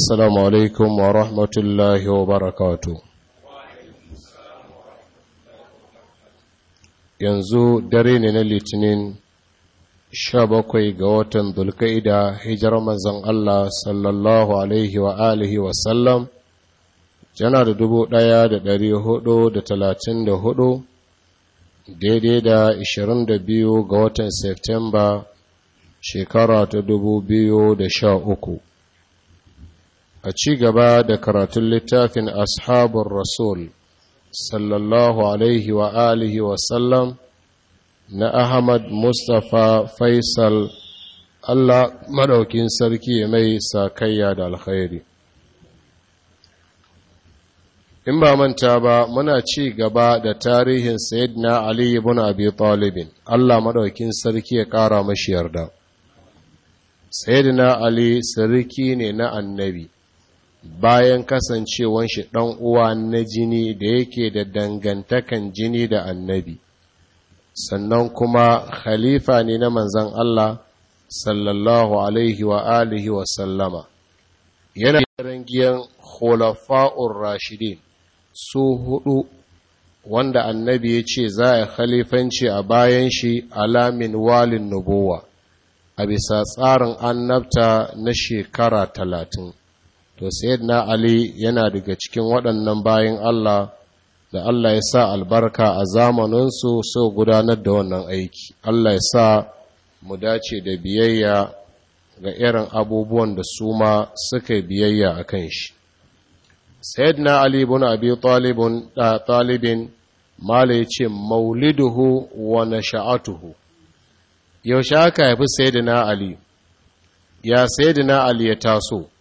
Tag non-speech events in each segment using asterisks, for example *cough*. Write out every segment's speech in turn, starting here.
السلام عليكم ورحمة الله وبركاته yanzu dare ne na litinin 17 ga watan dulka'ida hijar mazan Allah sallallahu alaihi wa alihi wa sallam yana da 1434 daidai da 22 ga watan Septemba shekara ta 2013 a ci gaba da karatun littafin ashabun rasul sallallahu alaihi wa alihi wasallam na ahmad mustapha faisal allah maɗaukin sarki mai sakayya da alkhairi in ba manta ba muna ci gaba da tarihin sayyidina ali ibn abi talibin allah maɗaukin sarki ya ƙara mashi yarda sayyidina ali sarki ne na annabi bayan kasancewan shi ɗan uwa na jini da yake da dangantakan jini da annabi sannan kuma khalifa ne na manzan Allah sallallahu alaihi wa alihi wa sallama yana rangiyan khulafa'ur rashidin su hudu wanda annabi ya ce za a khalifanci a bayan shi alamin walin nubuwa a bisa tsarin annabta na shekara talatin to sayyidina ali yana daga cikin waɗannan bayan Allah da Allah ya sa albarka a zamaninsu so gudanar da wannan aiki Allah ya sa mu dace da biyayya ga irin abubuwan da su ma suka biyayya a kan shi sayyidina ali bin abi talibin talibin mala yace mauliduhu wa nasha'atuhu yaushe aka haifi sayyidina ali ya sayyidina ali ya taso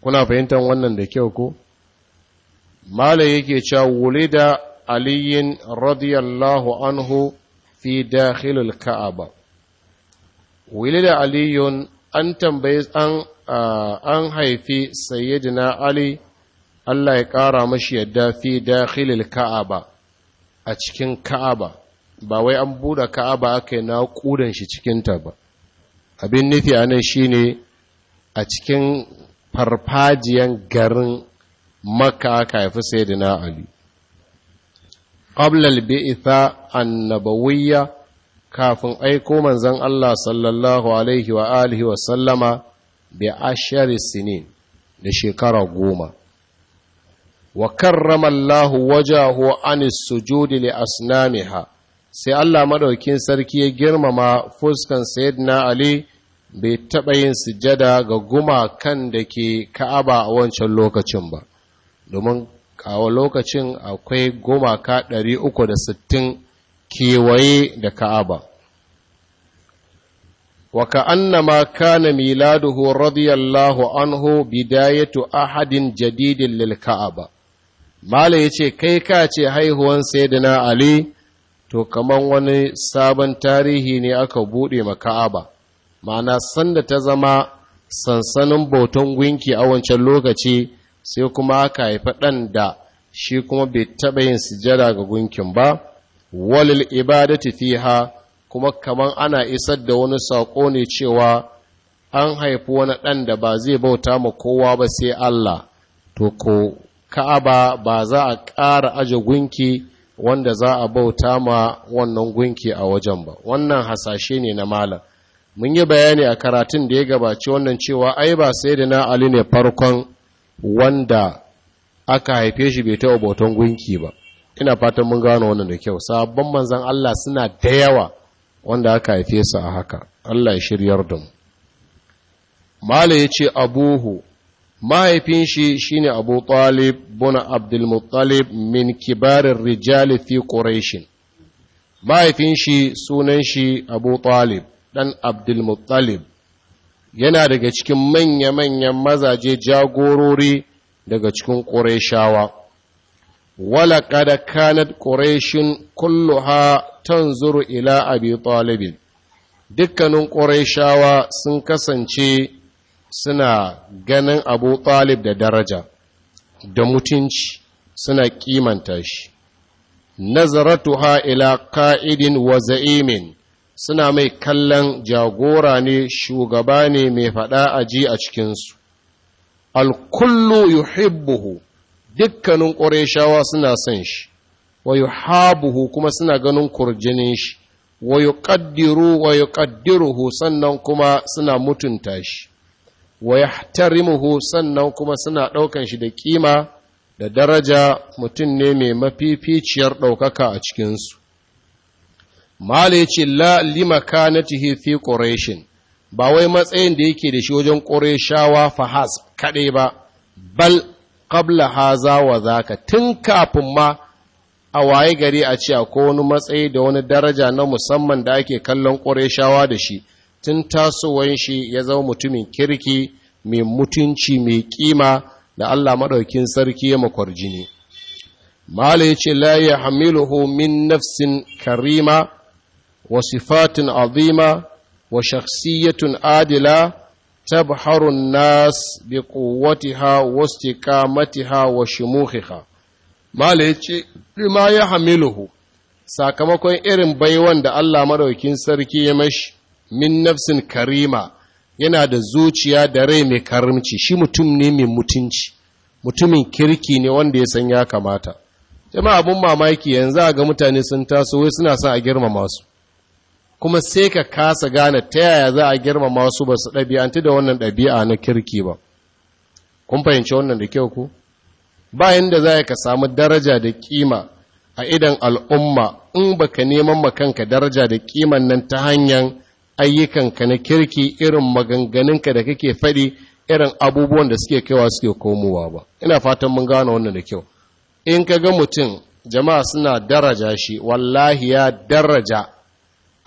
kuna fahimtar wannan da kyau ko mala yake cewa wulida aliyin radiyallahu anhu fi dakhilil ka'aba wulida aliyun an tambaye an an haifi sayyidina ali Allah ya ƙara mashi yadda fi dakhilil ka'aba a cikin ka'aba ba wai an buɗe ka'aba aka yi naƙudan shi cikinta ba abin nufi a shine a cikin farfajiyan garin maka aka haifi ƙablal ali qablal bi'tha annabawiyya kafin aiko manzon Allah sallallahu alaihi wa alihi wa sallama bi ashari sinin da shekara goma wa karrama Allah wajahu an sujudi li asnamiha sai Allah maɗaukin sarki ya girmama fuskan sayyidina ali bai taɓa yin sujada ga gumakan da ke ka'aba a wancan lokacin ba domin a lokacin akwai gumaka sittin kewaye da ka'aba wa ma kana miladuhu radiyallahu anhu bidayatu ahadin jadidin lil ka'aba mala yace kai ka ce haihuwan sayyidina ali to kamar wani sabon tarihi ne aka buɗe ma ka'aba ma'ana sanda ta zama sansanin bautan gunki a wancan lokaci sai kuma aka haifa ɗan da shi kuma bai taɓa yin sujada ga gunkin ba walil ibadati fiha kuma kaman ana isar da wani saƙo ne cewa an haifi wani ɗan da ba zai bauta ma kowa ba sai Allah to ko ka'aba ba za a ƙara aje gunki wanda za a bauta ma wannan gunki a wajen ba wannan hasashe ne na malam mun yi bayani a karatun da ya gabaci wannan cewa ai ba sai da na ali ne farkon wanda aka haife shi bai taɓa bautan gunki ba ina fatan mun gano wannan da kyau sabon manzan Allah suna da yawa wanda aka haife su a haka Allah ya shiryar da mu mala ya ce abuhu mahaifin shi shine abu talib buna abdulmuttalib min kibarin rijali fi ƙorashin mahaifin shi sunan shi abu talib ɗan abdulmuttalib yana daga cikin manya-manyan mazaje jagorori daga cikin Qurayshawa wala kada kanat ƙureshin kulluha tanzuru ila abi talib dukkanin Qurayshawa sun kasance suna ganin abu talib da daraja da mutunci suna kimanta shi nazaratuha ila ka'idin wa za'imin suna mai kallon jagora ne shugaba ne mai faɗa a ji a cikinsu alkullu yuhibbuhu dukkanin ƙoreshawa suna son shi wa yuhabuhu kuma suna ganin kurjinin shi wa yuqaddiru wa yuqaddiruhu sannan kuma suna mutunta shi wa yahtarimuhu sannan kuma suna ɗaukan shi da kima da daraja mutum ne mai mafificiyar ɗaukaka a cikinsu mala ya ce la lima kanatihi fi ƙorashin, ba wai matsayin da yake da shi wajen qurayshawa fahas kaɗai ba bal qabla haza wa za ka, tun kafin ma a waye gari a ce akwai wani matsayi da wani daraja na musamman da ake kallon qurayshawa da shi tun tasowar shi ya zama mutumin kirki mai mutunci mai ƙima da Allah maɗaukin sarki ya makwarjini. Mala ya ce, La ya hamiluhu min nafsin karima وصفات عظيمة وشخصية عادلة تبحر الناس بقوتها واستقامتها وشموخها ما لما يحمله sakamakon irin baiwan da Allah maɗaukin sarki ya mashi min nafsin karima yana da zuciya da rai mai karimci shi mutum ne mai mutunci mutumin kirki ne wanda ya san ya kamata jama'a abun mamaki yanzu ga mutane sun taso wai suna sa a girmama su kuma sai ka kasa gane ta yaya za a girmama su ba su ɗabi'antu da wannan ɗabi'a na kirki ba kun fahimci wannan da kyau ku Ba yadda za ka samu daraja da kima a idan al'umma in ba ka neman makanka daraja da kiman nan ta hanyar ayyukanka na kirki irin maganganunka da kake faɗi irin abubuwan da suke kaiwa suke komowa ba ina fatan mun gane wannan da kyau in ka ga mutum jama'a suna daraja shi wallahi ya daraja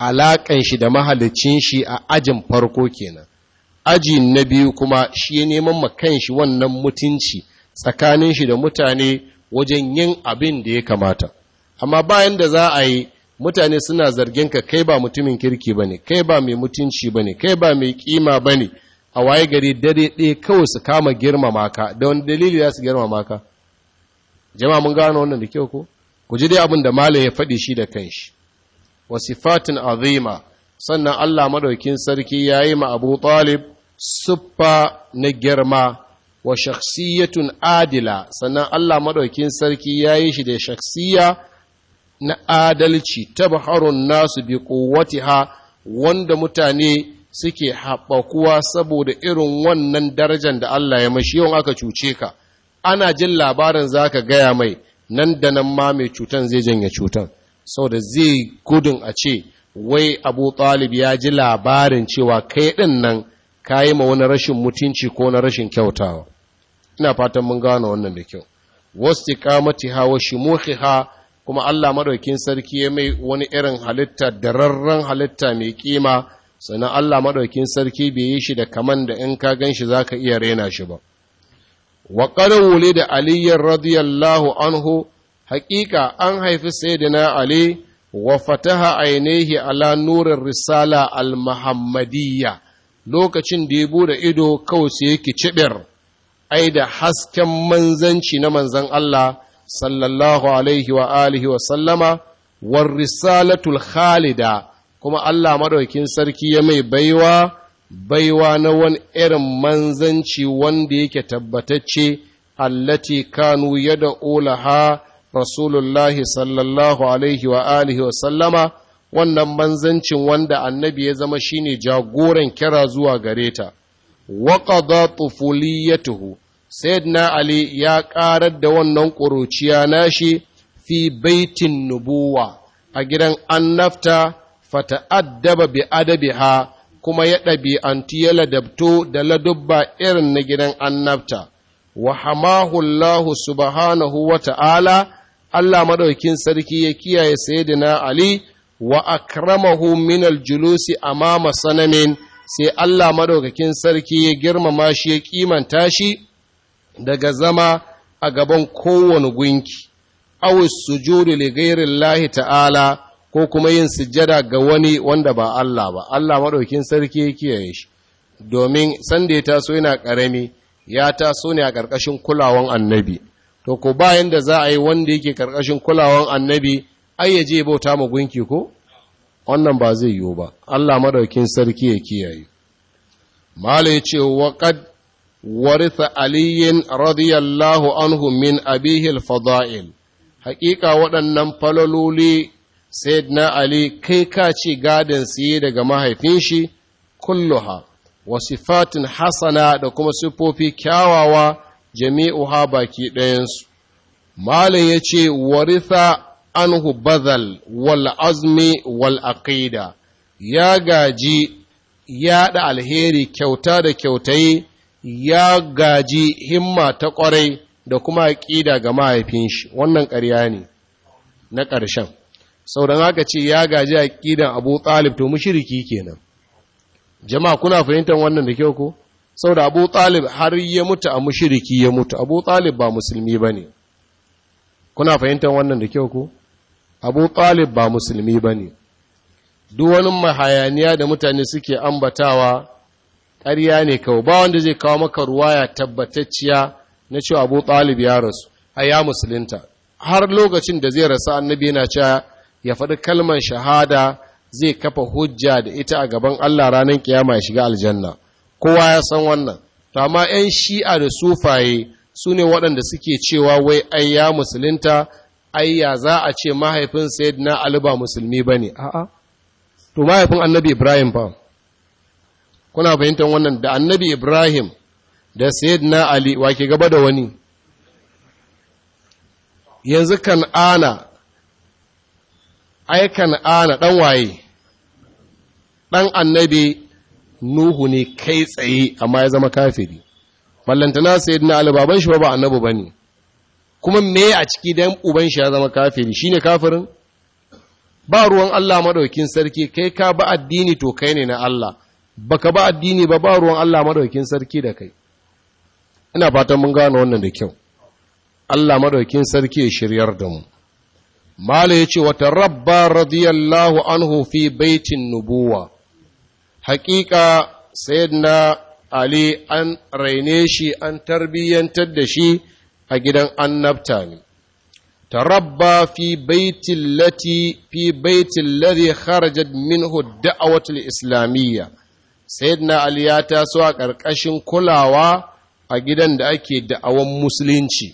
alaƙan shi da mahalicin shi a ajin farko kenan aji na biyu kuma shi ya neman makan shi wannan mutunci tsakanin shi da mutane wajen yin abin da ya kamata amma bayan da za a yi mutane suna zargin ka kai ba mutumin kirki ba ne kai ba mai mutunci ba ne kai ba mai kima ba ne a waye gari dare ɗaya kawai su kama girmama ka da wani dalili za su girmama ka jama'a mun gano wannan da kyau ko ku ji dai abin da malam ya faɗi shi da kanshi wa sifatin azima sannan Allah madaukin sarki ya yi ma Abu Talib siffa na girma wa shakhsiyatun adila sannan Allah madaukin sarki ya yi shi da shakhsiya na adalci baharun nasu bi quwwatiha wanda mutane suke haɓakuwa saboda irin wannan darajar da Allah ya mashi yawan aka cuce ka ana jin labarin za ka gaya mai nan da nan ma mai cutan zai janye cutan saboda zai gudun a ce wai abu talib ya ji labarin cewa kai din nan ka yi ma wani rashin mutunci ko na rashin kyautawa ina fatan mun gano wannan da kyau wasu kamati hawa shi ha kuma allah maɗaukin sarki ya mai wani irin halitta da rarren halitta mai kima sannan allah maɗaukin sarki bai yi shi da kaman da in ka gan shi za ka iya rena shi ba wa da aliyyar radiyallahu anhu haƙiƙa an haifi sayyidina ali wa fataha ainihi ala nurin risala al-muhammadiyya lokacin da ya bude ido kawai sai yake cibir ai da hasken manzanci na manzan Allah sallallahu alaihi wa alihi wa sallama war risalatul khalida kuma Allah madaukin sarki ya mai baiwa baiwa na wani irin manzanci wanda yake tabbatacce allati kanu yad'u olaha. rasulullahi sallallahu alaihi wa alihi wa sallama wannan manzancin wanda annabi ya zama shine jagoran kira zuwa gare ta wa tuhu tufuliyatuhu sayyidina ali ya ƙarar da wannan ƙuruciya nashi fi baitin nubuwa a gidan annafta fata'addaba bi adabiha kuma ya ɗabi'antu ya ladabto da ladubba irin na gidan annabta, wa hamahu Allah subhanahu wa ta'ala Allah maɗaukin sarki ya kiyaye sayyidina Ali wa akramahu min aljulusi amama sanamin sai Allah madaukakin sarki ya girmama shi ya kimanta shi daga zama a gaban kowane gunki aw sujudi li ghairi ta'ala ko kuma yin sujjada ga wani wanda ba Allah ba Allah madaukakin sarki ya kiyaye shi domin sanda ya taso yana karami ya taso ne a ƙarƙashin kulawan annabi to ko bayan da za a yi wanda yake karkashin kulawan annabi ai ya bauta mu gunki ko wannan ba zai yiwu ba Allah madaukin sarki ya kiyaye mala yace ce wa qad waritha aliyin radiyallahu anhu min abihi al-fada'il haƙiƙa waɗannan falololi sayyidina ali kai ka ce gadin siye daga mahaifin shi kulluha wa sifatin hasana da kuma siffofi kyawawa jami'uha baki ɗayansu malam ya ce waritha anhu bazal wal azmi wal aqida ya gaji yaɗa alheri kyauta da kyautai ya gaji himma ta ƙwarai da kuma aƙida ga mahaifin shi wannan ƙarya ne na ƙarshen sau da haka ce ya gaji aƙidan abu ɗalib to mushiriki kenan jama'a kuna fahimtar wannan da kyau ko Sau da abu talib har ya mutu a mushiriki ya mutu abu talib ba musulmi ba ne kuna fahimtar wannan da kyau ko abu talib ba musulmi ba ne duk wani mahayaniya da mutane suke ambatawa ƙarya ne kawo ba wanda zai kawo maka ruwa ya tabbatacciya na cewa abu talib ya rasu a ya musulinta har lokacin da zai rasu annabi yana cewa ya faɗi kalman shahada zai kafa hujja da ita a gaban Allah ranar kiyama ya shiga aljanna kowa ya san wannan to amma 'yan shi'a da sufaye su ne waɗanda suke cewa wai ai ya musulunta za a ce mahaifin sayid na ba musulmi ba ne a'a to mahaifin annabi ibrahim ba kuna fahimtar wannan da annabi ibrahim da na ali wa gaba da wani yanzu kan ana ai kan ana ɗan waye ɗan annabi nuhu ne kai tsaye amma ya zama kafiri mallantana sayyidina ali baban shi ba annabi bane kuma me a ciki dan uban shi ya zama kafiri shine kafirin ba ruwan Allah madaukin sarki kai ka ba addini to kai ne na Allah baka ba addini ba ba ruwan Allah madaukin sarki da kai ina fatan mun gane wannan da kyau Allah madaukin sarki ya shiryar da mu mala ce wata rabba radiyallahu anhu fi baitin nubuwa haƙiƙa sayyidina ali an raine shi an tarbiyyantar da shi a gidan annabta ne tarabba fi baitin lati fi baitin ladi kharajat minhu da'awatul islamiyya sayyidina ali ya taso a ƙarƙashin kulawa a gidan da ake da'awan musulunci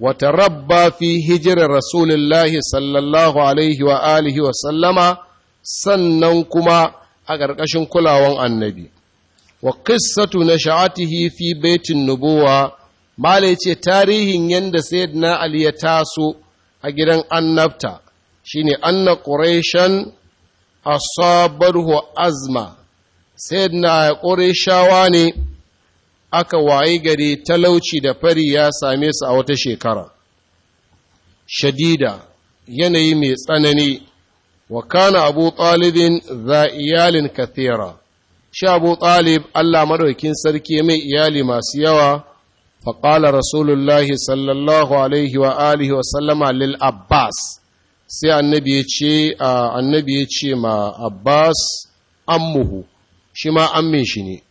wata rabba fi hijirar rasulullahi sallallahu alaihi wa alihi wa sallama sannan kuma a ƙarƙashin kulawan annabi wa na sha'atihi fi baitin nubuwa malai ce tarihin yanda sayyidina ali ya taso a gidan annabta shine anna quraishan asabarhu azma sayyidina shawa ne aka wayi gari talauci da fari ya same su a wata shekara shadida yanayi mai tsanani Wakana kana abu talibin za iyalin kathira shi abu talib allah madaukin sarki mai iyali masu yawa faƙala rasulullahi sallallahu alaihi wa alihi wa sallama lil abbas sai annabi ya ce annabi ya ce ma abbas ammuhu shi ammin shi ne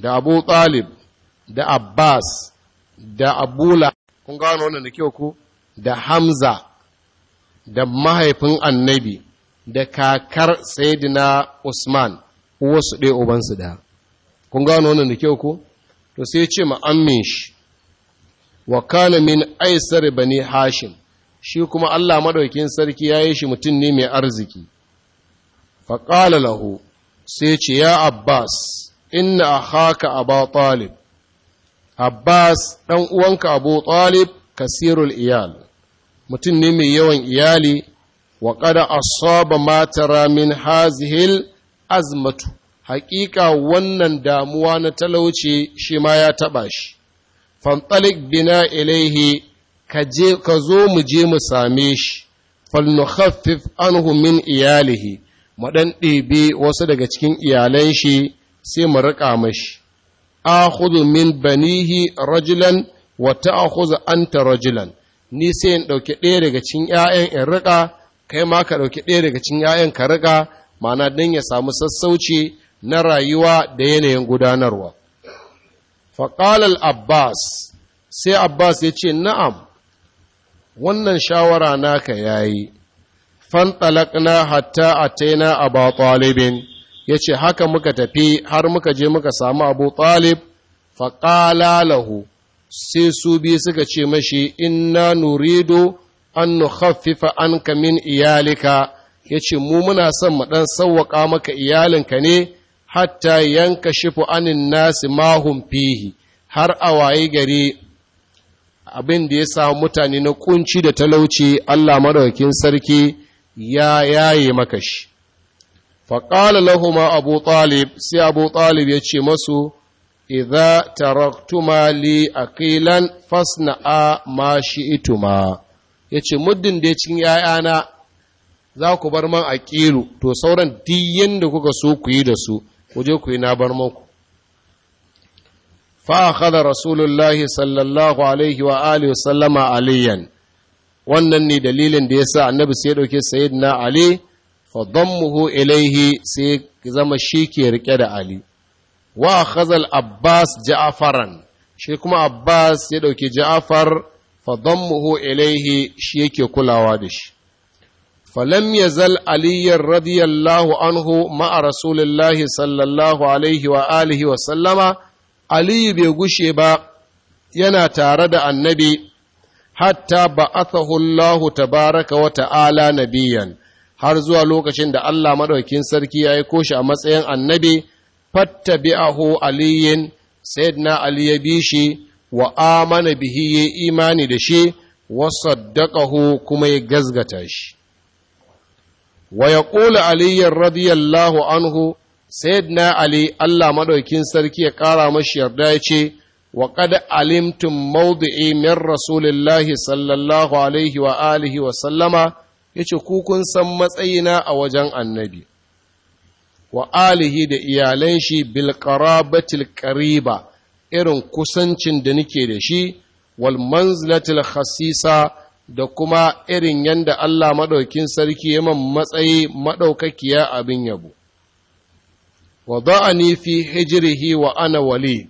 da abu talib da abbas da abula kun gano wannan kyau ku da hamza da mahaifin annabi da kakar sayidina usman su ɗaya ubansu ɗaya kun gano wannan da kyau ko to sai ce ma'ammin shi wa kana min aisar bane hashim shi kuma allah maɗaukin sarki ya yi shi mutum ne mai arziki faƙala lahu sai ce ya abbas inna haka ba ɗalib. abbas ɗan uwanka abu ɗalib, kasirul iyal mutum ne mai yawan iyali wa asaba ma tara min hazihil azmatu haƙiƙa wannan damuwa na talauci shima ya taɓa shi fantalik bina ilaihi ka zo mu je mu same shi falnukhaffif anhu min iyalihi mu ɗan ɗebe wasu daga cikin iyalan shi sai mu riƙa mashi akhudhu min banihi rajulan wa ta'khudhu anta rajulan ni sai in ɗauki ɗaya daga cikin 'ya'yan in riƙa kai ma ka ɗauki ɗaya daga cikin 'ya'yan ka riƙa ma'ana don ya samu sassauci na rayuwa da yanayin gudanarwa faƙalar abbas sai abbas ya ce na'am wannan shawara naka ya yi fantalakna hatta ataina abu talibin ya ce haka muka tafi har muka je muka samu abu talib faƙala lahu sai su biyu suka ce mashi inna nurido an nukhaffifa anka min iyalika yace mu muna son mu dan sawwaka maka iyalinka ne hatta yanka shifu anin nasi mahum fihi har a waye gari abin da ya samu mutane na kunci da talauci Allah madaukakin sarki ya yaye maka shi faƙala lahuma abu talib sai abu talib ya masu idza taraktuma li aqilan fasna'a ma shi'tuma ya ce muddin da ya cikin ‘ya'yana za ku bar man a ƙilu to sauran diyin da kuka so ku yi da su kuje ku yi na bar maku fa'akada rasulullahi sallallahu alaihi wa alihi sallama aliyan wannan ne dalilin da ya sa annabi sai ɗauke sayid na ali muhu ilaihi sai zama shi ke rike da ali wa khazal abbas ja'afaran shi kuma abbas ya ɗauki ja'afar fadammuhu ilaihi shi yake kulawa da shi falam yazal aliyyar radiyallahu anhu ma'a rasulillahi sallallahu alaihi wa alihi wa sallama aliyu bai gushe ba yana tare da annabi hatta ba'athahu Allah tabaraka wa na nabiyan har zuwa lokacin da Allah maɗaukin sarki ya aiko shi a matsayin annabi fattabi'ahu aliyin sayyidina ali ya bi shi wa amana bihi ya imani da shi daƙaho kuma ya gazgata shi wa ya ƙula aliyar radiyallahu anhu na ali Allah maɗaukin sarki ya ƙara mashi yarda ya ce wa qad alimtum mawdi'i min rasulillahi sallallahu alaihi wa alihi wa sallama ya ku kukun san matsayina a wajen annabi wa alihi da iyalan shi bilƙarabatil ƙariba irin kusancin da nake da shi wal manzilatil khasisa da kuma irin yanda Allah maɗaukin sarki ya man matsayi maɗaukakiya abin yabo wada'ani fi hijrihi wa ana walid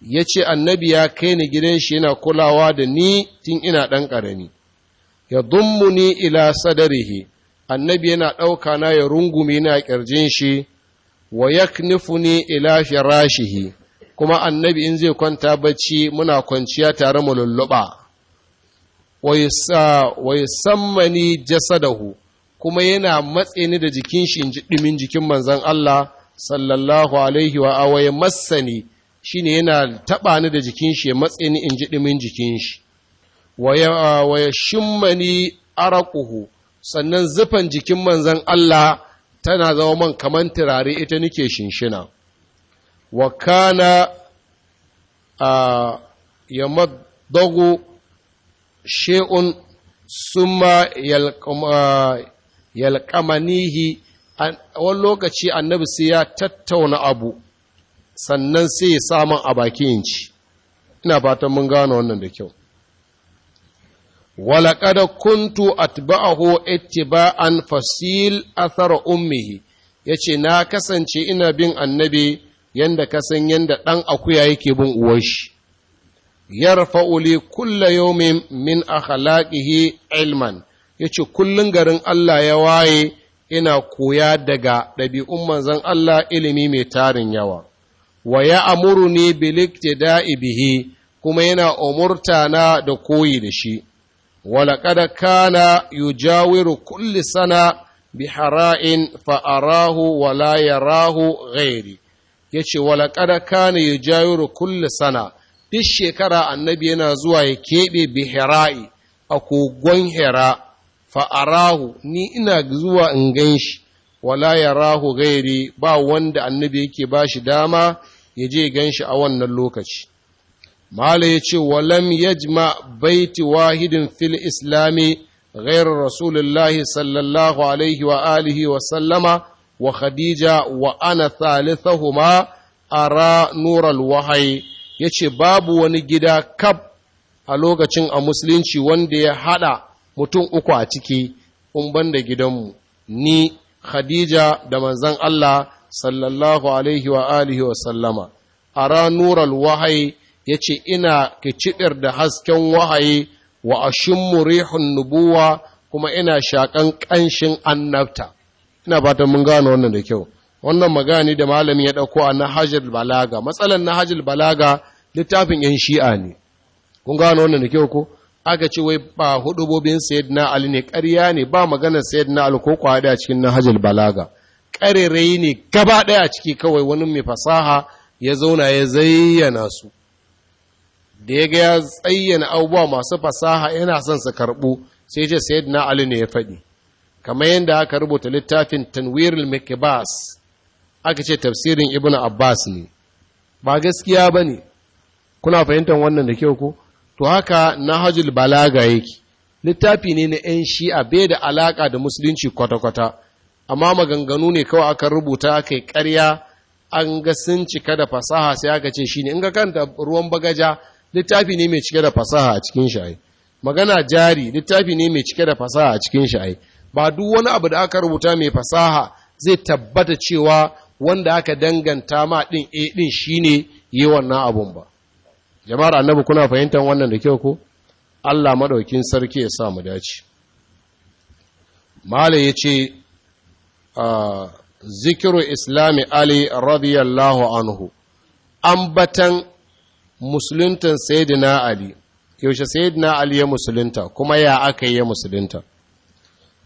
yace annabi ya kai ni gidan shi yana kulawa da ni tun ina ɗan ƙarami ya dummuni ila sadarihi annabi yana ɗauka na ya rungume na ƙirjin shi wa yaknifuni ila firashihi kuma annabi in zai kwanta bacci muna kwanciya tare mu lulluɓa wa yusammani jasadahu kuma yana matse ni da jikin shi in ɗumin jikin manzon Allah sallallahu alaihi wa awaye massani shine yana taɓa ni da jikin shi ya matse ni in ji jikin shi wa ya shimmani araquhu sannan zufan jikin manzon Allah tana zama man kamar turare ita nake shinshina Wakana kana a yamaddagu shay'un wani lokaci annabi sai ya tattauna abu sannan sai ya samun a bakin ci ina fatan mun gano wannan da kyau ولقد kuntu أتبعه ittiba'an fasil أثر ummihi yace na kasance ina bin annabi yanda ka san yanda ɗan akuya yake bin uwar shi yarfa'u li kulla yawmin min akhlaqihi ilman yace kullun garin Allah ya waye ina koya daga ɗabi'un manzon Allah ilimi mai tarin yawa wa ya amuru bil iktida'i bihi kuma yana umurta na da koyi da shi ولقد yujawiru kulli sana سنة بحراء wala wala yarahu ghairi. ya ce walaƙada kane ya da kulle sana duk shekara annabi yana zuwa ya keɓe hira'i a kogon hira fa'arahu ni ina zuwa in gan shi wala ya rahu gairi ba wanda annabi yake ba shi dama ya je gan shi a wannan lokaci mala ya ce walam yajma baiti wahidin fil islami غير رسول الله صلى الله عليه وآله وسلم wa khadija wa ana thalithahuma ara nural wahayi yace babu wani gida kab a lokacin a musulunci wanda ya haɗa mutum uku a ciki in banda gidanmu ni khadija da manzon Allah sallallahu alaihi wa wa sallama ara nural wahayi yace ina kicibir da hasken wahayi wa ashimmu rihun nubuwa kuma ina shakan kanshin annabta ina fatan mun gano wannan da kyau wannan magani da malami ya ɗauko a nahajar balaga matsalan nahajar balaga littafin yan shi'a ne kun gano wannan da kyau ko aka ce wai ba hudubobin sayyidina ali ne ƙarya ne ba maganar sayyidina ali ko kwa a cikin nahajar balaga ƙarerayi ne gaba ɗaya ciki kawai wani mai fasaha ya zauna ya zayyana su da ya ga ya tsayyana abubuwa masu fasaha yana son su karɓu sai ce sayyidina ali ne ya faɗi kamar yadda aka rubuta littafin tanwirul mikbas aka ce tafsirin ibnu abbas ne ba gaskiya ba ne kuna fahimtar wannan da kyau ko to haka nahajul balaga yake littafi ne na 'yan shi'a bai da alaka da musulunci kwata-kwata amma maganganu ne kawai aka rubuta aka yi ƙarya an ga sun cika da fasaha sai aka ce shine in ga kanta ruwan bagaja littafi ne mai cike da fasaha a cikin shi magana jari littafi ne mai cike da fasaha a cikin shi ba duk wani abu da aka rubuta mai fasaha zai tabbata cewa wanda aka danganta ma ɗin a eh, ɗin shi ne yi wannan abun ba jama'ar annabu kuna fahimtar wannan da kyau ko allah maɗaukin sarki ya sa mu dace mala ya ce ah, zikiru islami ali radiyallahu anhu ambatan musuluntan sayidina ali yaushe sayidina ali ya musulunta kuma ya aka yi ya musulunta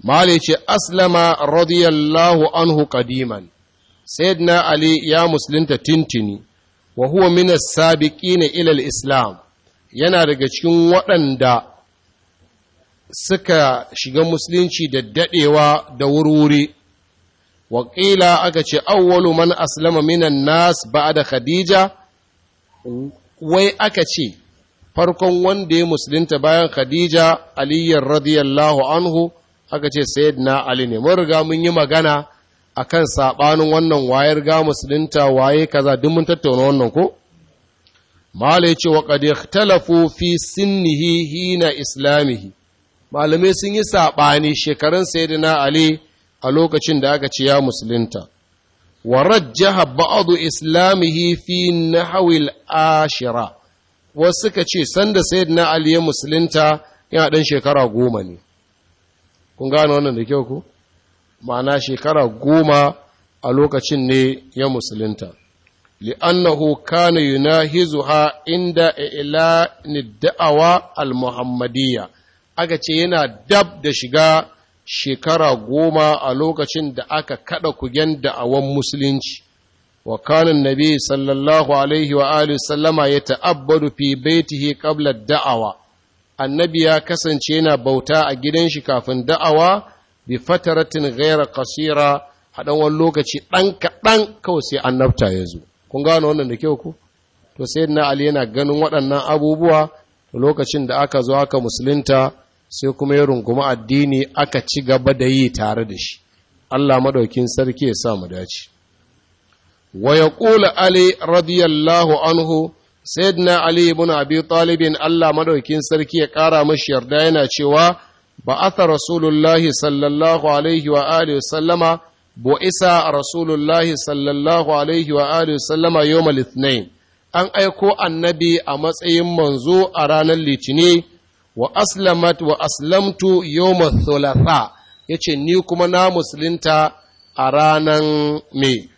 Mali ce aslama radiyallahu anhu qadiman sayyidina ali ya musulunta tintini wa huwa min as islam yana daga cikin waɗanda suka shiga musulunci da daɗewa da wurwuri waƙila aka ce awwalu man aslama minan nas ba'da khadija wai aka ce farkon wanda ya musulunta bayan khadija aliyyar radiyallahu anhu aka ce sayyidina ali ne mun riga mun yi magana akan sabanin wannan wayar ga musulunta waye kaza duk mun tattauna wannan ko mala ce wa qad ikhtalafu fi sinnihi hina islamihi malamai sun yi saɓani shekarun sayyidina ali a lokacin da aka ce ya musulunta wa rajjaha ba'adu islamihi fi nahwi al-ashira wasu ka ce sanda sayyidina ali ya musulunta yana ɗan shekara goma ne kun gane wannan da kyau ku ma'ana shekara goma a lokacin ne ya musulunta li'annahu kana yunahizuha inda ila da'awa al-muhammadiyya aka ce yana dab da shiga shekara goma a lokacin da aka kada kugen da'awan musulunci wa kana nabi sallallahu alaihi wa alihi sallama ya ta'abbadu fi baitihi qabla da'awa annabi ya kasance yana bauta a gidan shi kafin da'awa bi fataratin ghaira kasira a wani lokaci ɗan kaɗan kawai sai annabta ya zo kun gano wannan da kyau ku to sai na ali yana ganin waɗannan abubuwa lokacin da aka zo aka musulunta sai kuma ya runguma addini aka ci gaba da yi tare da shi Allah maɗaukin sarki ya sa mu dace wa yaqulu ali radiyallahu anhu sayyidina ali ibn abi talibin Allah madaukin sarki ya ƙara mashi yarda yana cewa ba'atha rasulullahi sallallahu alaihi wa alihi sallama bu'isa rasulullahi sallallahu alaihi wa alihi sallama yawmal ithnain an aiko annabi a matsayin manzo a ranar litini wa aslamat wa aslamtu yawmal thulatha yace ni kuma na musulunta a ranan me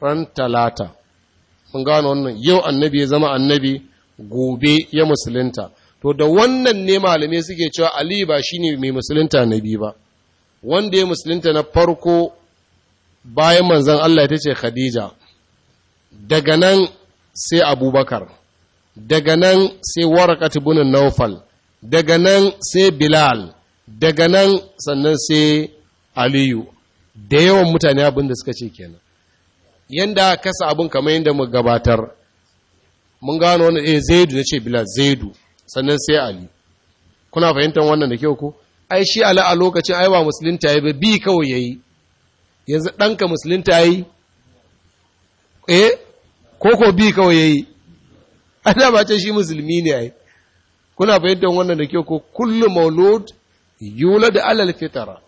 ran talata mun gano wannan yau annabi ya zama annabi gobe ya musulunta to da wannan ne malamai suke cewa ali ba shine mai musulunta na biyu ba wanda ya musulunta na farko bayan manzon Allah ya ce Khadija daga nan sai Abubakar daga nan sai Warqat ibn Nawfal daga nan sai Bilal daga nan sannan sai Aliyu da yawan mutane abin da suka ce kenan yanda kasa abun kamar yanda mu gabatar mun gano wannan eh zaidu ce bilal zaidu sannan sai ali kuna fahimtar wannan da kyau ko ai shi ala a lokacin ai ba musulunta yayi bi kawai yayi yanzu danka musulunta yayi eh koko bi kawai yayi ana ba ce shi musulmi ne ai kuna fahimtar wannan da kyau ko kullu maulud yulad alal fitara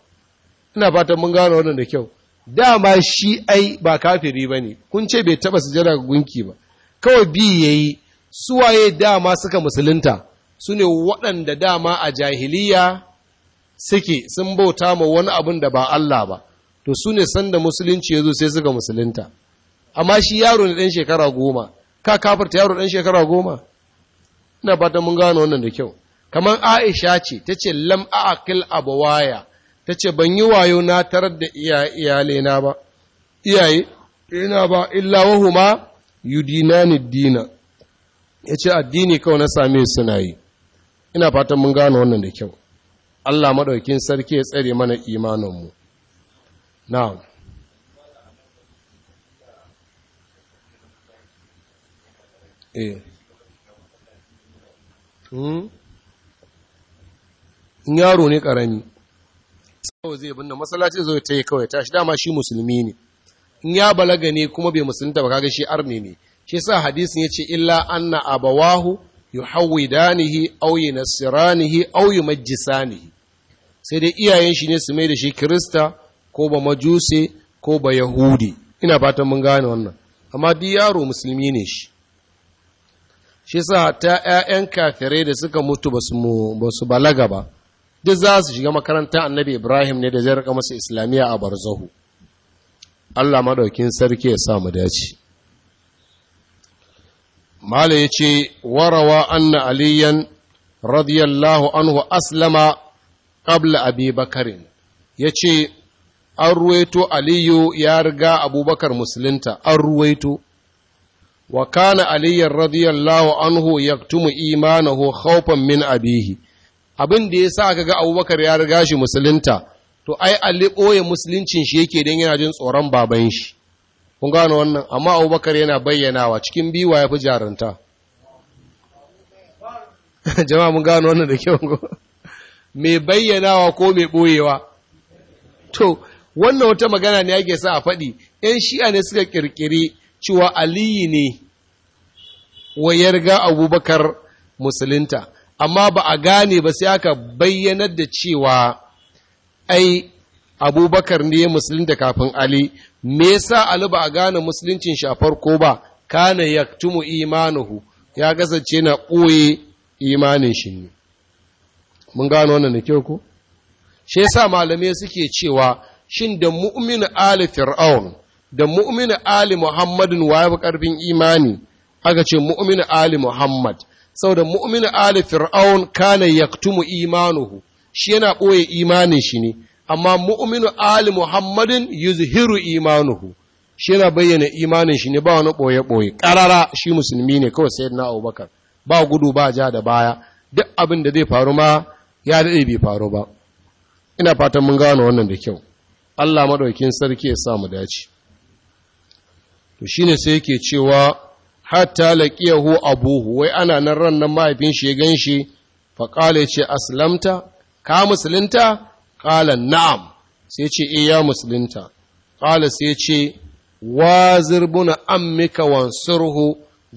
ina fatan mun gano wannan da kyau dama shi ai ba kafiri ba ne kun ce bai taba su ga gunki ba kawai bi ya yi suwaye dama suka musulunta su ne waɗanda dama a jahiliya suke sun bauta ma wani abin da ba Allah ba to su ne sanda musulunci ya zo sai suka musulunta amma shi yaro ne ɗan shekara goma ka kafarta yaro ɗan shekara goma ina ta mun gano wannan da kyau kamar aisha ce ta ce lam a'aqil abawaya ta ce ban yi wayo na tarar da iyaye na ba iyaye ina ba illa ma yi dina ya ce addini kawai na sami suna yi ina fatan mun gano wannan da kyau Allah maɗaukin sarki ya tsare mana imaninmu na'am eh. hmm? yaro ne ƙarami kawai zai binne masallaci zai ta yi kawai tashi dama shi musulmi ne in ya balaga ne kuma bai musulunta ba kaga shi arne ne shi hadisin ya ce illa anna abawahu yuhawidanihi aw yunassiranihi aw yumajjisanihi sai dai iyayen shi ne su mai da shi kirista ko ba majuse ko ba yahudi ina fatan mun gane wannan amma duk yaro musulmi ne shi shi sa ta 'ya'yan kafirai da suka mutu ba su balaga ba duk za su shiga makarantar annabi ibrahim ne da zai raka masa islamiyya a barzahu allah maɗaukin sarki ya sa dace mala ya ce warawa anna aliyan radiyallahu anhu aslama ƙabla abi bakarin ya ce an ruwaito aliyu ya riga abubakar musulunta an ruwaito wa kana aliyan radiyallahu anhu tumu imanahu haufan min abihi abin da ya sa ka ga abubakar ya riga shi musulunta to ai alli ɓoye musuluncin shi yake don yana jin tsoron baban shi kun gano wannan amma abubakar yana bayyanawa cikin biwa ya fi jaranta *laughs* jama'a mun gano wannan da kyau mai bayyanawa ko mai ɓoyewa to wannan wata magana ne ake sa a faɗi Ƴan shi'a ne suka ƙirƙiri cewa aliyu ne wa yarga abubakar musulunta amma ba a gane ba sai aka bayyanar da cewa ai abubakar ne da kafin ali me yasa ali ba a gane musuluncin shi a farko ba kana tumu imanuhu ya kasance na ɓoye imanin shi ne mun gano wannan da kyau ko shi yasa malamai suke cewa shin da mu'min ali fir'aun da mu'min ali muhammadin waye karfin imani aka ce mu'min ali muhammad saboda mu'min ali fir'aun kana yaktumu imanuhu shi yana ɓoye imanin shi ne amma mu'minu ali muhammadin yuzhiru imanuhu shi yana bayyana imanin shi ne ba wani ɓoye ɓoye ƙarara shi musulmi ne kawai na abubakar ba gudu ba ja da baya duk abin da zai faru ma ya daɗe bai faru ba ina fatan mun gano wannan da kyau Allah maɗaukin sarki ya sa mu dace to shine sai yake cewa hatta laqiyahu abuhu wai ana nan ran nan mahaifin shi ya ganshi fa qala ce aslamta ka musulunta qala na'am sai ce eh ya musulunta qala sai ce wa buna ammika wansurhu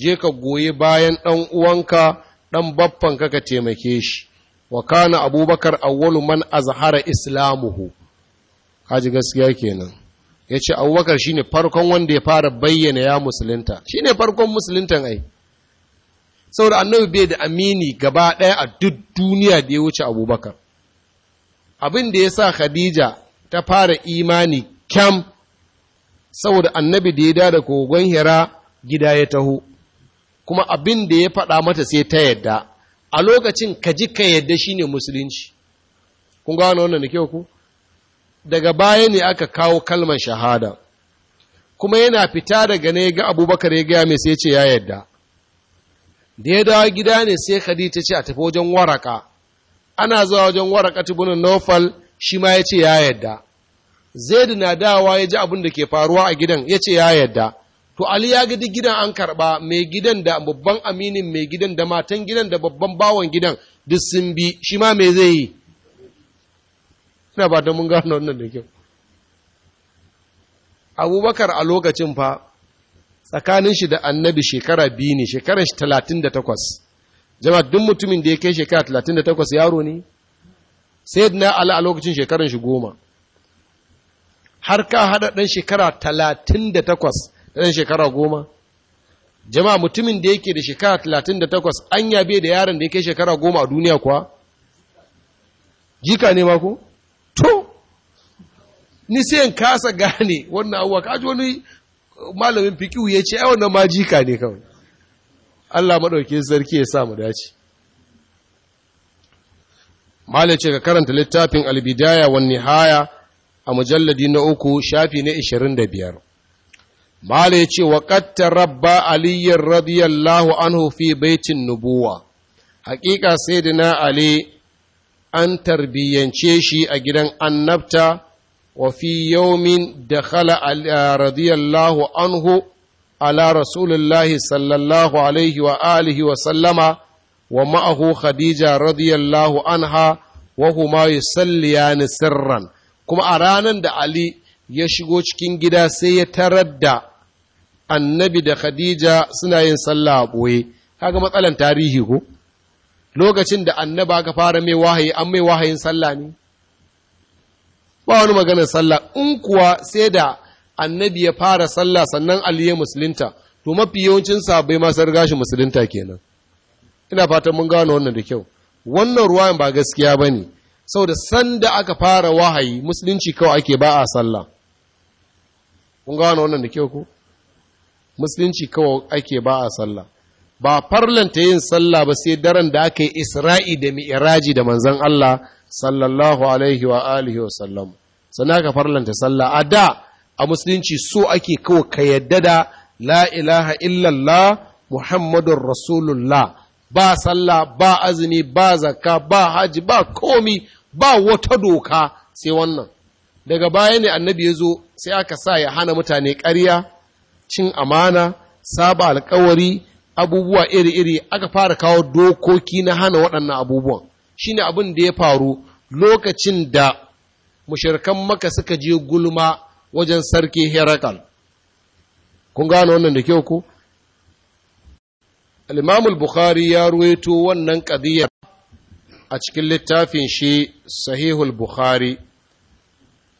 je ka goyi bayan dan uwanka dan baffanka ka ka taimake shi wa kana abubakar awwalu man azhara islamuhu kaji gaskiya kenan ya ce abubakar shi ne farkon wanda ya fara bayyana ya musulunta shi ne farkon musuluntan ai saboda annabi bai da amini gaba ɗaya a duk duniya da ya wuce abubakar abin da ya sa khadija ta fara imani kyam saboda annabi da ya dada kogon hira gida ya taho kuma abin da ya faɗa mata sai ta yadda a lokacin ka ji ka yadda shine musulunci kun gano wannan da kyau ku daga baya ne aka kawo kalmar shahada kuma yana fita daga ne ga abubakar ya gaya mai sai ce ya yadda da ya dawo gida ne sai khadija ce a tafi wajen waraka ana zuwa wajen waraka tubunan nofal shi ma ya ce ya yadda da na dawa ya ji abin da ke faruwa a gidan ya ce ya yadda to ali ya ga gidan an karba mai gidan da babban aminin mai gidan da matan gidan da babban bawan gidan duk sun bi shi me zai yi ina ba ta mun gano wannan da kyau abubakar a lokacin fa tsakanin shi da annabi shekara biyu ne shekarar shi talatin da takwas jama'a duk mutumin da ya kai shekara talatin da takwas yaro ne sai na ala a lokacin shekarar shi goma har ka haɗa ɗan shekara talatin da takwas da ɗan shekara goma jama'a mutumin da yake da shekara talatin da takwas an yabe da yaron da ya kai shekara goma a duniya kuwa jika ne ba ku. ni sai in kasa gane wannan abuwa kaji wani malamin fikihu ya ce yawon na majika ne kawai Allah maɗauki sarki ya sa mu dace Malam ce ka karanta littafin albidaya wani haya a mujalladi na uku shafi na ishirin da Malam ya ce wa ƙatta rabba aliyyar radiyallahu anhu fi baitin nubuwa. Hakika sai Ali an tarbiyyance shi a gidan annabta وفي يوم دخل رضي الله عنه على رسول الله صلى الله عليه وآله وسلم ومعه خديجة رضي الله عنها وهما يصليان سرا كما أرانا دا علي يشغو cikin gida sai ya tarar da annabi da khadija suna yin sallah a ɓoye kaga matsalar tarihi ko lokacin da annabi aka fara mai wahayi an mai wahayin sallah ne ba wani maganar sallah in kuwa sai da annabi ya fara sallah sannan ali ya musulunta to mafi yawancin sabai ma sun riga shi musulunta kenan ina fatan mun gano wannan da kyau wannan ruwayan ba gaskiya ba ne, saboda sanda aka fara wahayi musulunci kawai ake ba a sallah mun gano wannan da kyau ko musulunci kawai ake ba a sallah ba farlanta yin sallah ba sai daren da aka yi isra'i da mi'iraji da manzon Allah sallallahu alaihi wa alihi wa sallam sannan ka farlanta sallah a da a musulunci so ake kawo ka yadda da la ilaha illallah muhammadun rasulullah ba sallah ba azumi ba zakka ba haji ba komi ba wata doka sai wannan daga baya ne annabi ya zo sai aka sa ya hana mutane ƙarya cin amana saba alkawari abubuwa iri-iri aka fara kawo dokoki na hana waɗannan abubuwan shine abin da ya faru lokacin da mushirkan maka suka je gulma wajen sarki herakal kun gano wannan da kyau ko al bukhari ya ruwaito wannan ƙadiyar a cikin littafin shi sahihul bukhari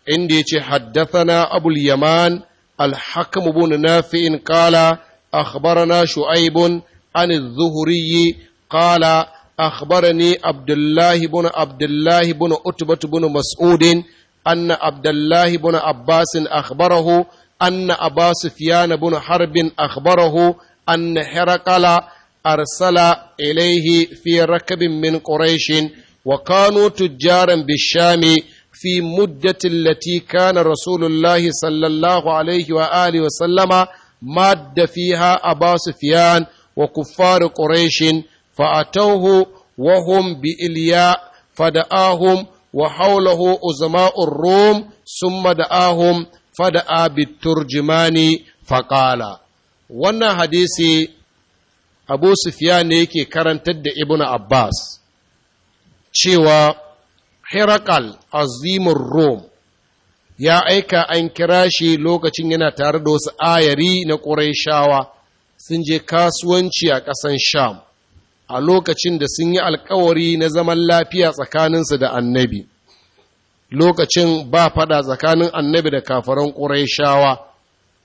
inda ya ce haddathana abul yaman الحكم بن نافع قال أخبرنا شعيب عن الزهري قال أخبرني عبد الله بن عبد الله بن أتبة بن مسعود أن عبد الله بن عباس أخبره أن أبا سفيان بن حرب أخبره أن هرقل أرسل إليه في ركب من قريش وكانوا تجارا بالشام في مدة التي كان رسول الله صلى الله عليه وآله وسلم ماد فيها أبا سفيان وكفار قريش فأتوه وهم بإلياء فدعاهم وحوله عظماء الروم ثم دعاهم فدعا بالترجمان فقال wannan hadisi abu sufiya ne yake karantar da ibn abbas cewa herakal azimin rom ya aika an kira shi lokacin yana tare da wasu ayari na ƙurai shawa sun je kasuwanci a ƙasan sham a lokacin da sun yi alkawari na zaman lafiya tsakaninsu da annabi lokacin ba fada tsakanin annabi da kafaran ƙuraishawa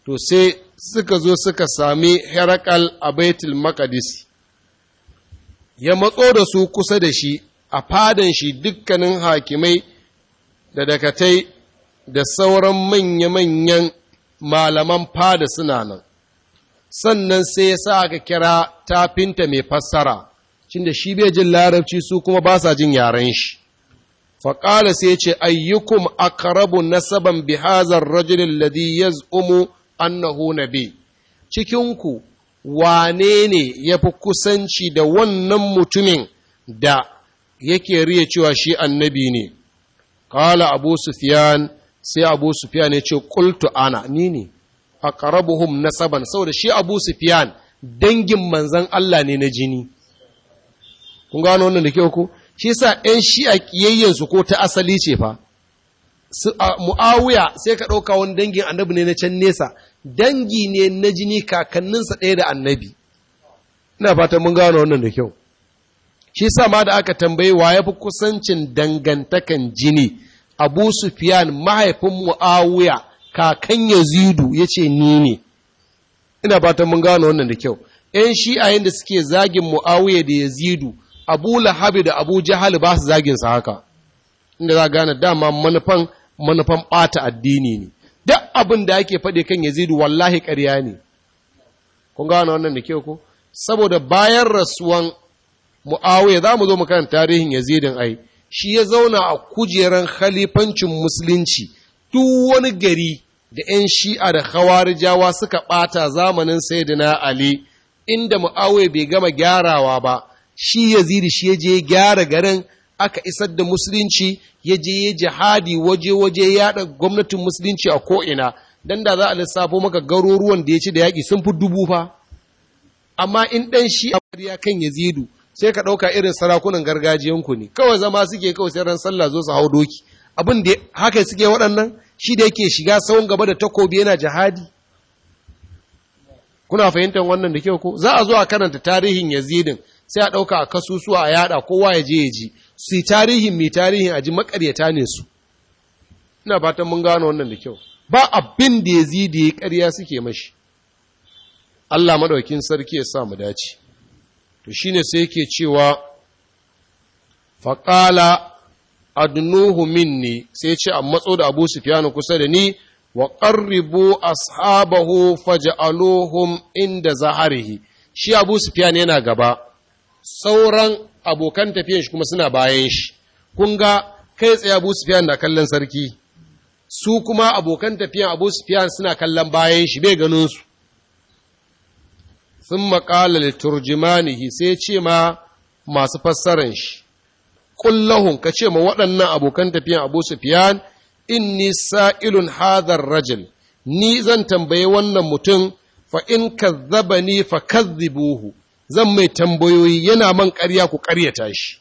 to sai suka zo suka sami herakal a baitul makadis ya matso da su kusa da shi a fadan shi dukkanin hakimai da dakatai da sauran manya-manyan malaman fada suna nan sannan sai ya sa aka kira tafinta mai fassara cin da shi bai jin larabci su kuma ba sa jin yaren shi faƙala sai ce ayyukum aqrabu nasaban bi hazar rajulin ladhi yaz'umu annahu nabi cikinku wane ne ya fi kusanci da wannan mutumin da yake riya cewa shi annabi ne ƙala abu sufiyan sai abu sufiyan ya ce ƙultu ana ni ne a nasaban saboda shi abu sufiyan dangin manzan Allah ne na jini kun gano wannan da kyau ko shi sa ɗan shi'a kiyayyensu ko ta asali ce fa mu'awiya sai ka ɗauka wani dangin annabi ne na can nesa dangi ne na jini kakanninsa ɗaya da annabi ina fatan mun gano wannan da kyau shi sa ma da aka tambaye wa ya fi kusancin dangantakan jini abu sufiyan mahaifin mu'awiya kakan yazidu ya ce ni ne ina fatan mun gano wannan da kyau ‘yan shi'ayen da suke zagin mu'awiya da yazidu abu lahabi da abu jahali ba su zaginsa haka inda za gane dama manufan manufan ɓata addini ne duk abin da ake faɗi kan yazidu wallahi ƙarya ne kun gane wannan da kyau ko saboda bayan rasuwan mu'awiya za mu zo mu kan tarihin yazidin ai shi ya zauna a kujeran khalifancin musulunci duk wani gari da 'yan shi'a da khawarijawa suka ɓata zamanin sayyidina ali inda mu'awiya bai gama gyarawa ba shi yazidu shi ya je gyara garin aka isar da musulunci ya je ya jihadi waje-waje da gwamnatin musulunci a ko'ina don da za a lissafo maka garuruwan da ya ci da yaƙi sun fi dubu fa amma in ɗan shi a ya kan yazidu sai ka ɗauka irin sarakunan gargajiyanku ne kawai zama suke kawai sai ran sallah zo su hau doki abin da haka suke waɗannan shi da yake shiga tsawon gaba da takobi yana jihadi kuna fahimtar wannan da kyau ko za a zo a karanta tarihin yazidin sai a ɗauka a kasusuwa a yada kowa ya je ya ji su yi tarihin mai tarihin a ji makaryata ne su ina fatan mun gano wannan da kyau ba abin da ya zi da ya karya suke mashi Allah maɗaukin sarki ya sa mu dace to shine sai yake cewa faƙala adnuhu ne, sai ce a matso da Abu su fiya kusa da ni wa qarribu ashabahu faj'aluhum inda zaharihi shi Abu Sufyan yana gaba sauran abokan tafiyan shi kuma suna bayan shi kun ga kai tsaye Abu Sufyan na kallon sarki su kuma abokan tafiyan Abu Sufyan suna kallon bayan shi bai ganin su sun maƙala liturjimanihi sai ce ma masu fassaran shi kullahun ka ce ma waɗannan abokan tafiyan Abu In inni sa'ilun hadar rajul ni zan tambaye wannan mutum fa in kazzabani fa kazzibuhu zan mai tambayoyi yana man ƙarya ku ƙaryata shi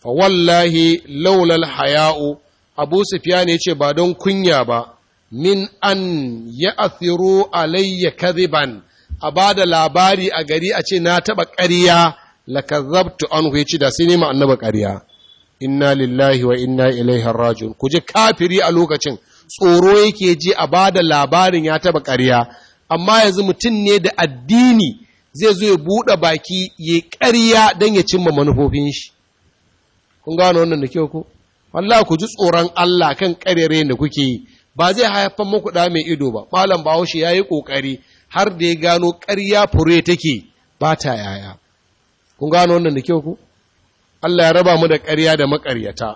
fa wallahi laulal haya'u abu sufyan ya ce ba don kunya ba min an ya athiru alayya kaziban a ba da labari a gari a ce na taɓa ƙarya lakazabtu an ci da sai nema annaba ƙarya inna lillahi wa inna ilaihi rajiun ku ji kafiri a lokacin tsoro yake ji a ba da labarin ya taɓa ƙarya amma yanzu mutum ne da addini zai zo ya buɗe baki ya ƙarya don ya cimma manufofin shi kun gano wannan da kyau ko Allah ku ji tsoron Allah kan ƙarere da kuke yi ba zai haifan muku ɗa mai ido ba malam bahaushe ya yi ƙoƙari har da ya gano ƙarya fure take ba ta yaya kun gano wannan da kyau ku Allah ya raba mu da ƙarya da maƙaryata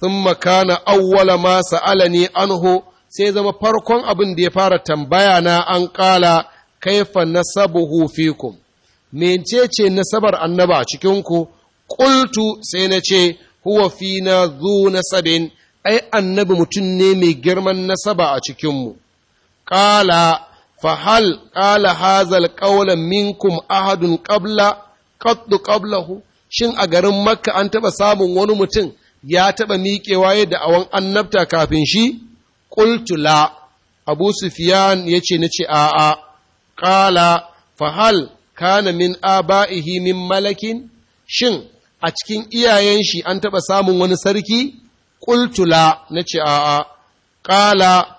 sun makana awwala ma sa'alani anhu sai zama farkon abin da ya fara tambaya na an ƙala kaifa nasabuhu fikum mecece nasabar annaba a cikinku qultu sai na ce huwa fina zu nasabin ai annabi mutum ne mai girman nasaba a cikinmu qala fa hal qala hazal qawla minkum ahadun qabla qaddu qablahu shin a garin makka an taɓa samun wani mutum ya taɓa miƙewa yadda awon annabta kafin shi ƙultula abu sufiyan ya ce na ce a'a ƙala fahal kana min aba'ihi min malakin shin a cikin iyayen shi an taɓa samun wani sarki ƙultula na ce a'a ƙala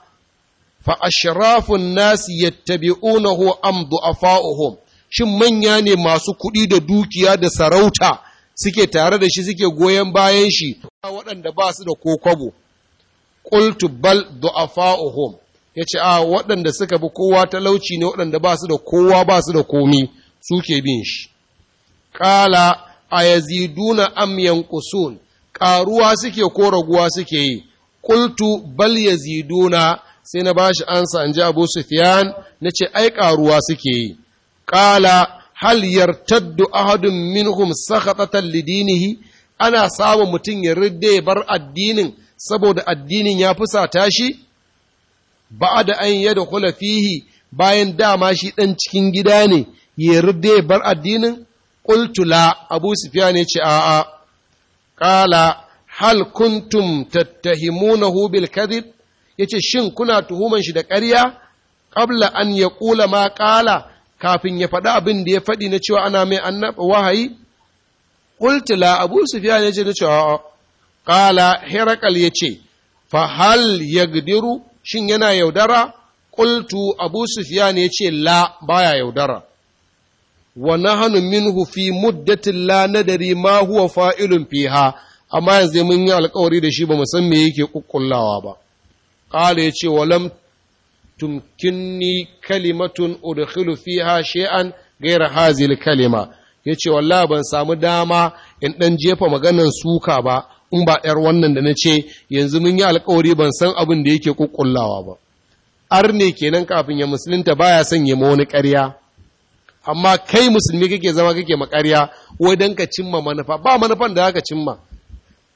fa ashrafun nasi yattabi'unahu am du'afa'uhum shin manya ne masu kuɗi da dukiya da sarauta suke tare da shi suke goyon bayan shi waɗanda ba su da ko kwabo qultu bal du'afa'uhum ya ce a ah, waɗanda suka bi kowa talauci ne waɗanda ba su da kowa ba su da komi suke bin shi ƙala a yaziduna am kusun ƙaruwa suke ko raguwa suke yi kultu bal yaziduna sai na bashi ansa an ji Abu na ce ai ƙaruwa suke yi ƙala hal yartaddu ahadun minhum sakhatatan lidinihi ana samun mutum ya ridde bar addinin saboda addinin ya fusata shi ba da an yada kula fihi bayan dama shi ɗan cikin gida ne ya rude bar addinin ƙultula abu sufiya ne ce a'a ƙala hal kuntum tattahimunahu bil kadhib ce shin kuna tuhuman shi da ƙarya qabla an ya ƙula ma ƙala kafin ya faɗi abin da ya faɗi na cewa ana mai annaba wahayi ƙultula abu sufiya ne ce na cewa ƙala herakal ya ce fa hal yagdiru shin yana yaudara ƙultu abu sufyan ce la baya yaudara wa nahnu minhu fi muddatin la nadari ma huwa fa'ilun fiha amma yanzu mun yi alkawari da shi ba mu san me yake kukkullawa ba qala yace wa lam tumkinni kalimatun udkhilu fiha an gaira hazil kalima Ya ce wallah ban samu dama in ɗan jefa maganan suka ba in ba ‘yar wannan da na ce yanzu mun yi alkawari ban san abin da yake kukullawa ba arne kenan kafin ya musulunta baya son ya ma wani ƙarya amma kai musulmi kake zama kake makarya wai dan ka cimma manufa ba manufan da zaka cimma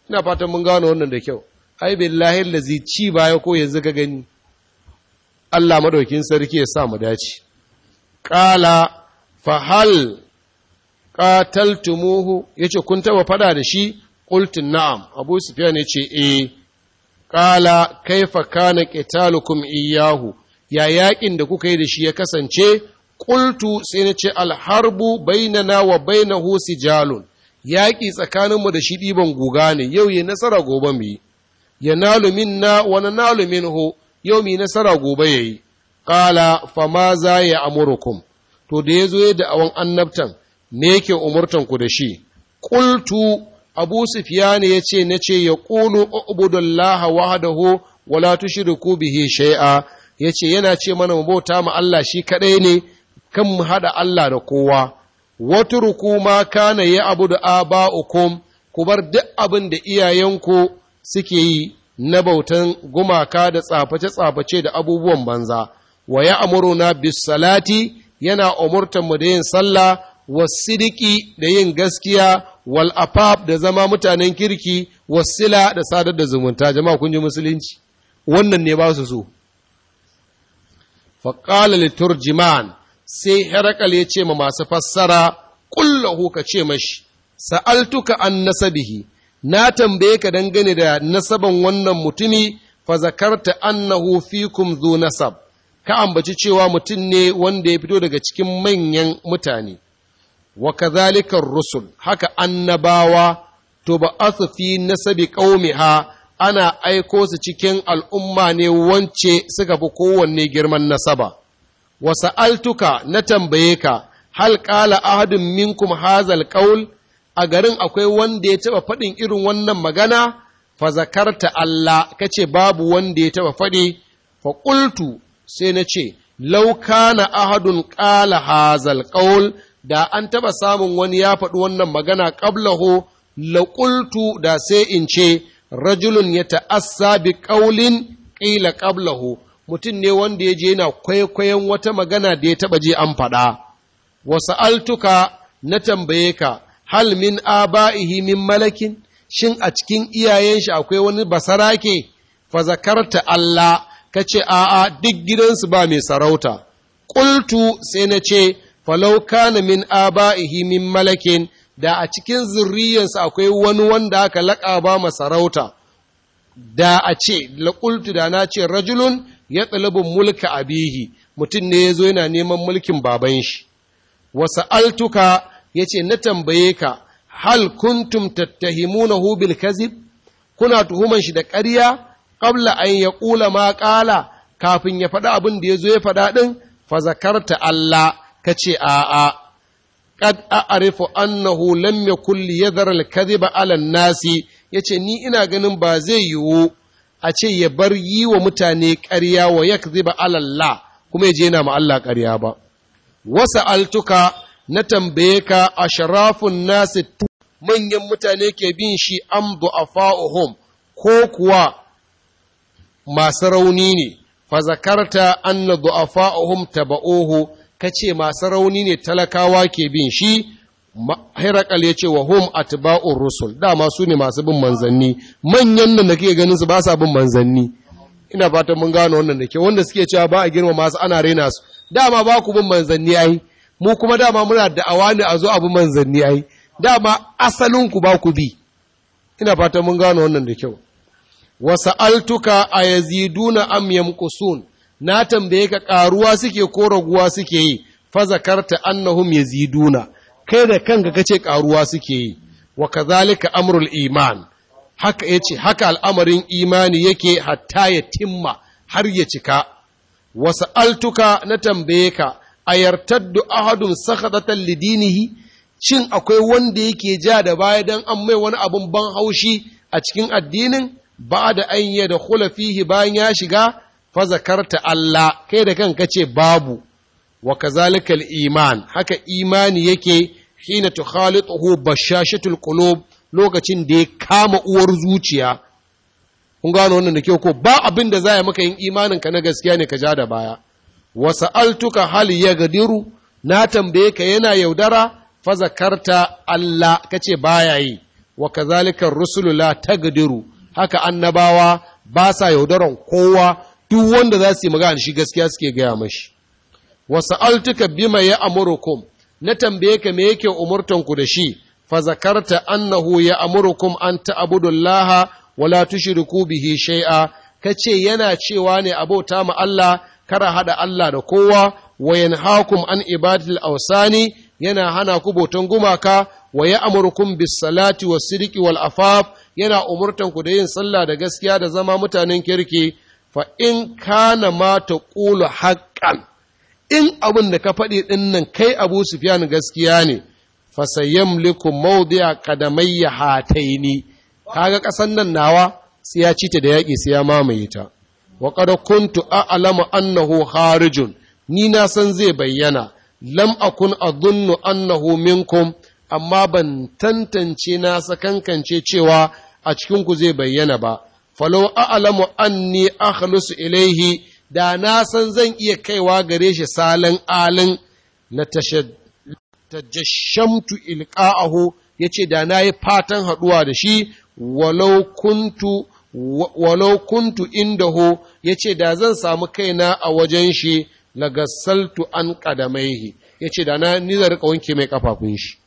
ina fatan mun gano wannan da kyau ai billahi lazi ci baya ko yanzu ka gani Allah madaukin sarki ya sa mu dace Ƙala fa hal qataltumuhu yace kun taba fada da shi Ƙultun na'am abu sufyan yace eh qala kaifa kana qitalukum iyyahu ya yakin da kuka yi da shi ya kasance Ƙultu sai na ce alharbu bainana wa bainahu sijalun yaƙi tsakaninmu da shi ɗiban guga ne yau yi nasara gobe mu yi ya nalu minna wa na yau mu nasara gobe yayi Ƙala, fa ma za ya amurukum to da yazo ya da awan annabtan me yake umurtan ku da shi Ƙultu. abu sufyani ya ce na ce ya ƙulu ubudullaha wahadahu wala tushriku bihi shay'a yace yana ce mana mu bauta ma Allah shi kaɗai ne kan mu hada Allah da kowa watruku ma kana ya aba aba'ukum ku bar duk abin da iyayenku suke yi na bautan gumaka da tsaface-tsaface da abubuwan banza wa ya amuruna bis salati yana umurtan mu da yin sallah wasidiki da yin gaskiya wal afaf da zama mutanen kirki wasila da sadar da zumunta jama'a kun ji musulunci wannan ne ba su so faƙala liturjiman sai herakal ya ce ma masu fassara kullahu ka ce mashi sa'altuka an nasabihi na tambaye ka dangane da nasaban wannan mutumi fa zakarta annahu fikum zu nasab ka ambaci cewa mutum ne wanda ya fito daga cikin manyan mutane wa kadhalika rusul haka annabawa to ba asu fi nasabi ƙaumiha, ana aiko su cikin al'umma ne wance suka fi kowanne girman nasaba wa sa'altuka na tambaye ka hal qala ahadun minkum hazal qaul a garin akwai wanda ya taba faɗin irin wannan magana fa zakarta Allah kace babu wanda ya taba faɗi fa qultu sai na ce law kana ahadun qala hazal qaul da an taɓa samun wani ya faɗi wannan magana ƙablaho laƙultu da sai in ce rajulun ya ta'assa bi ƙaulin ƙila ƙablaho mutum ne wanda ya je yana kwaikwayon wata magana da ya taɓa je an faɗa wasu altuka na tambaye ka hal min aba'ihi min malakin shin a cikin iyayen shi akwai wani basarake fazakarta Allah ka ce a'a duk gidansu ba mai sarauta ƙultu sai na ce falau kana min aba'ihi min malakin da a cikin zurriyarsa akwai wani wanda aka laƙaba masarauta da a ce laƙultu da na ce rajulun ya ɗalibin mulka bihi, mutum ne ya zo yana neman mulkin baban shi wasa altuka ya ce na tambaye ka hal kuntum na Hubil kazib kuna tuhuman shi da ƙarya ƙabla an ya ƙula ma ƙala kafin ya faɗa abin da ya zo ya faɗa ɗin fa zakarta Allah ka ce a'a kad a'rifu annahu lam yakul yadhar al-kadhiba 'ala nasi yace ni ina ganin ba zai yiwu a ce ya bar yi wa mutane ƙarya wa yakdhiba 'ala Allah kuma yaje yana ma Allah ƙarya ba wasa altuka na tambaye ka sharafin nasi manyan mutane ke bin shi am du'afa'uhum ko kuwa masu rauni ne fa zakarta anna du'afa'uhum taba'uhu ka ce masu rauni ne talakawa ke bin shi hairakal ya ce wa hum atba'ur rusul dama su ne masu bin manzanni manyan nan da kake ganin su ba sa bin manzanni ina fatan mun gano wannan da ke wanda suke cewa ba a girma masu ana rena su dama ba ku bin manzanni ai mu kuma dama muna da'awa ne a zo abu manzanni ai dama asalin ku ba ku bi ina fatan mun gano wannan da kyau wa sa'altuka ayaziduna am yamqusun na tambaye ka ƙaruwa suke ko raguwa suke yi fa zakarta annahum yaziduna kai da kanka kace ƙaruwa suke yi wa kazalika amrul iman haka yace haka al'amarin imani yake hatta ya timma har ya cika wasu altuka na tambaye ka ayartaddu ahadun sakhatatan lidinihi shin akwai wanda yake ja da baya dan an mai wani abun ban haushi a cikin addinin ba da an yi da khulafihi bayan ya shiga Fazakarta Allah kai da kanka ce babu wa kazalikal iman haka imani yake hina tukhalituhu bashashatul qulub lokacin da ya kama uwar zuciya kun gano wannan da kyau ko ba abin da za a maka yin imanin ka na gaskiya ne ka ja da baya wa sa'altuka hal yagdiru na tambaye ka yana yaudara fa zakarta Allah kace baya yi wa kazalika rusulu la tagdiru haka annabawa ba sa yaudaran kowa duk wanda za su yi magana shi gaskiya suke gaya mashi wasu altuka bima ya amurukum na tambaye ka me yake umurtanku da shi fa zakarta annahu ya amurukum an ta'budullaha wala tushriku bihi Ka ce yana cewa ne abota ma Allah kara hada Allah da kowa wayan yanhaakum an ibadatil awsani yana hana ku boton gumaka wa ya'murukum bis salati was sidqi wal afaf yana umurtanku da yin sallah da gaskiya da zama mutanen kirki fa in kana ma ta ƙulu haƙƙan in abin da ka faɗi ɗin nan kai abu sufiyan gaskiya ne fa ya mawdi'a qadamayya hataini kaga ƙasan nan nawa sai ya ci da yaƙi sai ya mamaye ta wa kuntu kuntu alama annahu harijun, ni na san zai bayyana lam akun adunnu annahu minkum amma ban tantance na sakankance cewa a cikinku zai bayyana ba falau a'lamu anni akhlusu ilaihi da na san zan iya kaiwa gare shi salin alin na tajashamtu ilqa'ahu ce da na yi fatan haɗuwa da shi walau kuntu walau kuntu yace da zan samu kaina a wajen shi lagassaltu an ya ce da na ni zan rika wanke mai kafafun shi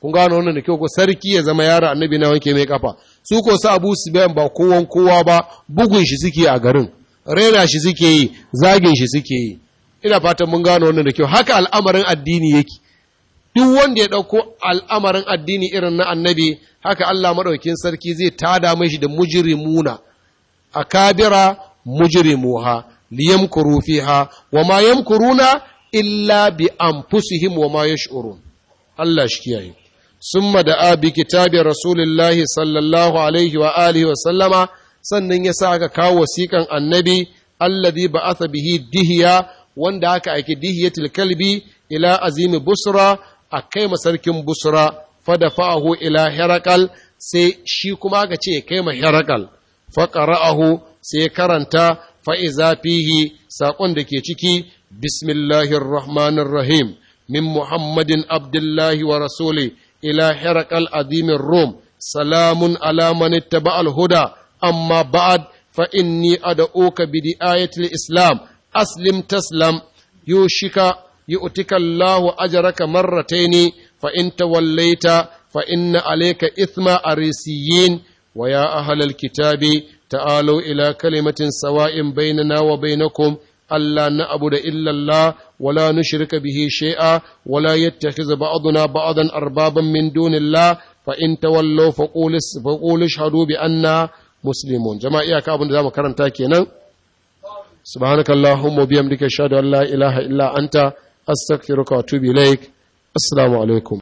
kun gano wannan da kyau ko sarki ya zama yaro annabi na wanke mai kafa su ko su abu sufiyan ba kowan kowa ba bugun shi suke a garin rena shi suke yi zagin shi suke yi ina fatan mun gano wannan da kyau haka al'amarin addini yake duk wanda ya ɗauko al'amarin addini irin na annabi haka Allah maɗaukin sarki zai tada mai shi da mujrimuna akabira kabira mujirimuha fiha wama wa ma yamkuruna illa bi anfusihim wama yash'urun Allah shi kiyaye summa da abi kitabi rasulullahi sallallahu alaihi wa alihi wa sannan ya sa aka kawo wasiƙan annabi alladhi ba'atha bihi dihiya wanda aka aiki dihiyatul kalbi ila azimi busra a kai masarkin busra fadafa'ahu ila herakal sai shi kuma aka ce kai ma herakal faqara'ahu sai karanta fa'iza fihi saƙon da ke ciki bismillahir rahmanir rahim min muhammadin abdullahi wa rasuli ila hirakal azimin rom salamun alamanin man ittaba huda amma ba'ad fa inni ad'uka bi di'ayatil islam aslim taslam yushika yu'tika Allahu ajraka marrataini fa in tawallaita fa inna alayka ithma arisiyin wa ya ahlal kitabi ta'alu ila kalimatin sawa'in bainana wa bainakum alla na'budu illa Allah ولا نشرك به شيئا ولا يتخذ بعضنا بعضا أربابا من دون الله فإن تولوا فقول فقول اشهدوا بأننا مسلمون جماعة إياك أبن دام كرم تاكينا سبحانك اللهم وبيمدك أشهد أن لا إله إلا أنت أستغفرك وأتوب إليك السلام عليكم